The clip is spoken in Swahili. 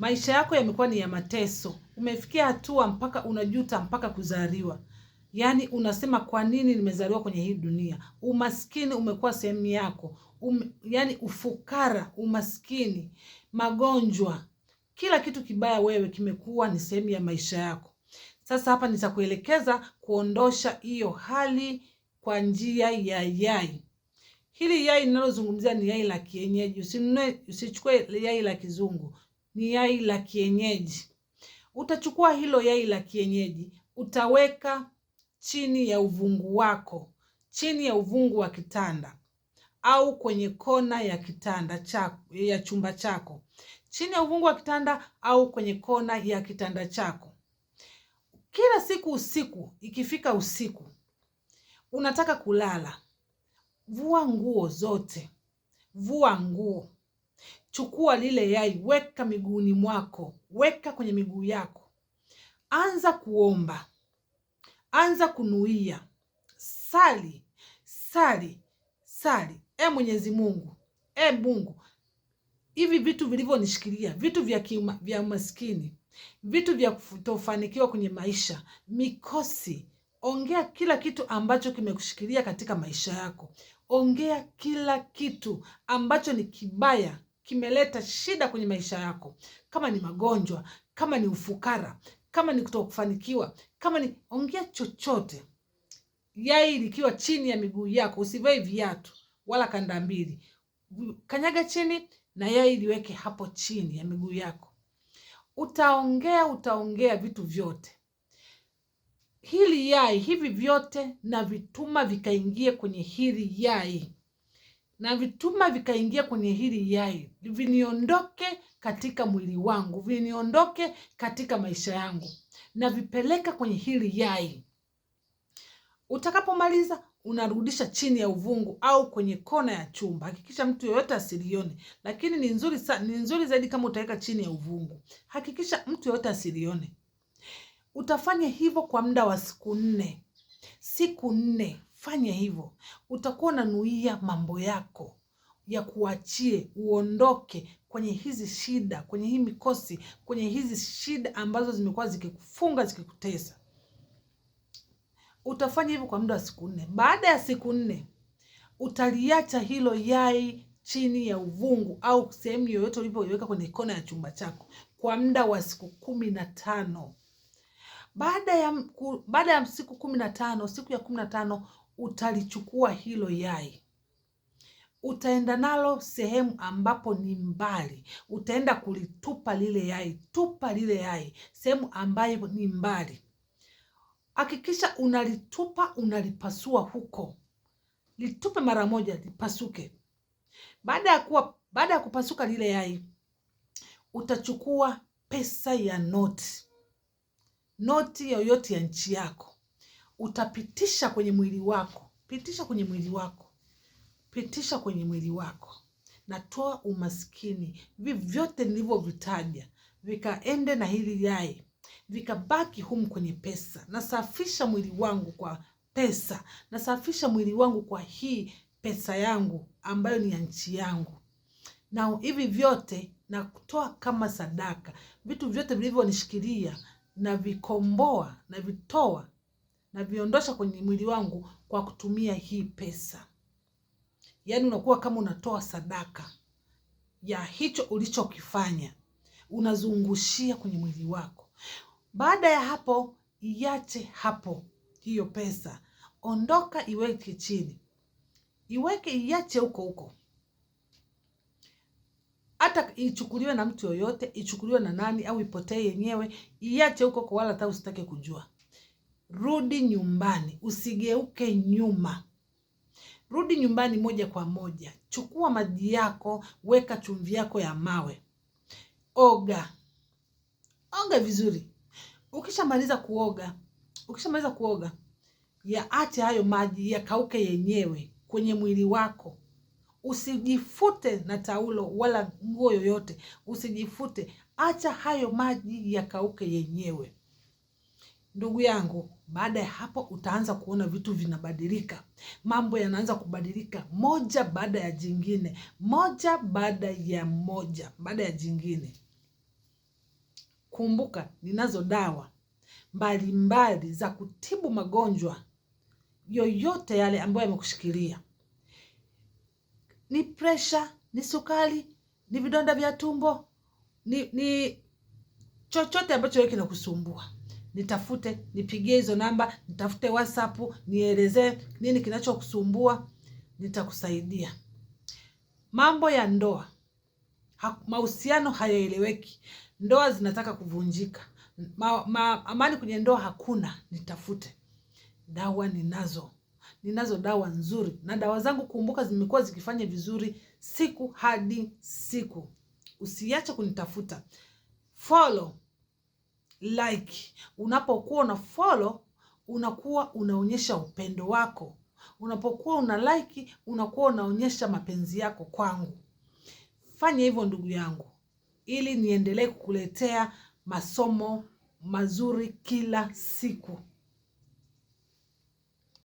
Maisha yako yamekuwa ni ya mateso, umefikia hatua mpaka unajuta mpaka kuzaliwa. Yaani unasema kwa nini nimezaliwa kwenye hii dunia? Umaskini umekuwa sehemu yako um, yaani ufukara, umaskini, magonjwa, kila kitu kibaya wewe kimekuwa ni sehemu ya maisha yako. Sasa hapa nitakuelekeza kuondosha hiyo hali kwa njia ya yai. Hili yai ninalozungumzia ni yai la kienyeji. Usinunue, usichukue yai la kizungu ni yai la kienyeji. Utachukua hilo yai la kienyeji, utaweka chini ya uvungu wako, chini ya uvungu wa kitanda au kwenye kona ya kitanda chako, ya chumba chako, chini ya uvungu wa kitanda au kwenye kona ya kitanda chako. Kila siku usiku, ikifika usiku unataka kulala, vua nguo zote, vua nguo chukua lile yai, weka miguuni mwako, weka kwenye miguu yako, anza kuomba, anza kunuia, sali sali sali. E Mwenyezi Mungu, e Mungu, hivi vitu vilivyonishikilia, vitu vya kima, vya maskini, vitu vya kutofanikiwa kwenye maisha, mikosi Ongea kila kitu ambacho kimekushikilia katika maisha yako. Ongea kila kitu ambacho ni kibaya kimeleta shida kwenye maisha yako, kama ni magonjwa, kama ni ufukara, kama ni kutokufanikiwa, kama ni ongea chochote. Yai likiwa chini ya miguu yako, usivae viatu wala kanda mbili, kanyaga chini na yai liweke hapo chini ya miguu yako. Utaongea, utaongea vitu vyote hili yai hivi vyote na vituma vikaingie kwenye hili yai na vituma vikaingia kwenye hili yai, viniondoke katika mwili wangu, viniondoke katika maisha yangu, na vipeleka kwenye hili yai. Utakapomaliza unarudisha chini ya uvungu au kwenye kona ya chumba. Hakikisha mtu yoyote asilione, lakini ni nzuri ni nzuri zaidi kama utaweka chini ya uvungu. Hakikisha mtu yoyote asilione. Utafanya hivyo kwa muda wa siku nne. Siku nne fanya hivyo, utakuwa unanuia mambo yako ya kuachie uondoke kwenye hizi shida, kwenye hii mikosi, kwenye hizi shida ambazo zimekuwa zikikufunga zikikutesa. Utafanya hivyo kwa muda wa siku nne. Baada ya siku nne, utaliacha hilo yai chini ya uvungu au sehemu yoyote ulipoiweka kwenye kona ya chumba chako kwa muda wa siku kumi na tano. Baada ya, baada ya siku kumi na tano, siku ya kumi na tano utalichukua hilo yai, utaenda nalo sehemu ambapo ni mbali, utaenda kulitupa lile yai. Tupa lile yai sehemu ambayo ni mbali, hakikisha unalitupa, unalipasua huko. Litupe mara moja, lipasuke. Baada ya kuwa baada ya kupasuka lile yai, utachukua pesa ya noti, noti yoyote ya nchi yako utapitisha kwenye mwili wako, pitisha kwenye mwili wako, pitisha kwenye mwili wako. Natoa umaskini, vi vyote nilivyovitaja vikaende na hili yai, vikabaki humu kwenye pesa. Nasafisha mwili wangu kwa pesa, nasafisha mwili wangu kwa hii pesa yangu ambayo ni ya nchi yangu, na hivi vyote na kutoa kama sadaka. Vitu vyote vilivyonishikilia na vikomboa na vitoa naviondosha kwenye mwili wangu kwa kutumia hii pesa. Yaani unakuwa kama unatoa sadaka ya hicho ulichokifanya, unazungushia kwenye mwili wako. Baada ya hapo, iache hapo hiyo pesa, ondoka, iweke chini, iweke, iache huko huko hata ichukuliwe na mtu yoyote, ichukuliwe na nani au ipotee yenyewe, iache huko kwa wala hata usitake kujua rudi nyumbani, usigeuke nyuma. Rudi nyumbani moja kwa moja, chukua maji yako, weka chumvi yako ya mawe, oga, oga vizuri. Ukishamaliza kuoga, ukishamaliza kuoga, yaache hayo maji yakauke yenyewe kwenye mwili wako. Usijifute na taulo wala nguo yoyote, usijifute. Acha hayo maji yakauke yenyewe. Ndugu yangu, baada ya hapo utaanza kuona vitu vinabadilika, mambo yanaanza kubadilika moja baada ya jingine, moja baada ya moja baada ya jingine. Kumbuka, ninazo dawa mbalimbali za kutibu magonjwa yoyote yale ambayo yamekushikilia, ni presha, ni sukari, ni vidonda vya tumbo, ni, ni chochote ambacho wewe kusumbua nitafute, nipigie hizo namba, nitafute WhatsApp, nielezee nini kinachokusumbua, nitakusaidia. Mambo ya ndoa, mahusiano hayaeleweki, ndoa zinataka kuvunjika, ma, ma, amani kwenye ndoa hakuna, nitafute. Dawa ninazo, ninazo dawa nzuri, na dawa zangu kumbuka, zimekuwa zikifanya vizuri siku hadi siku. Usiache kunitafuta, follow like. Unapokuwa una follow unakuwa unaonyesha upendo wako. Unapokuwa una like unakuwa unaonyesha mapenzi yako kwangu. Fanya hivyo ndugu yangu, ili niendelee kukuletea masomo mazuri kila siku.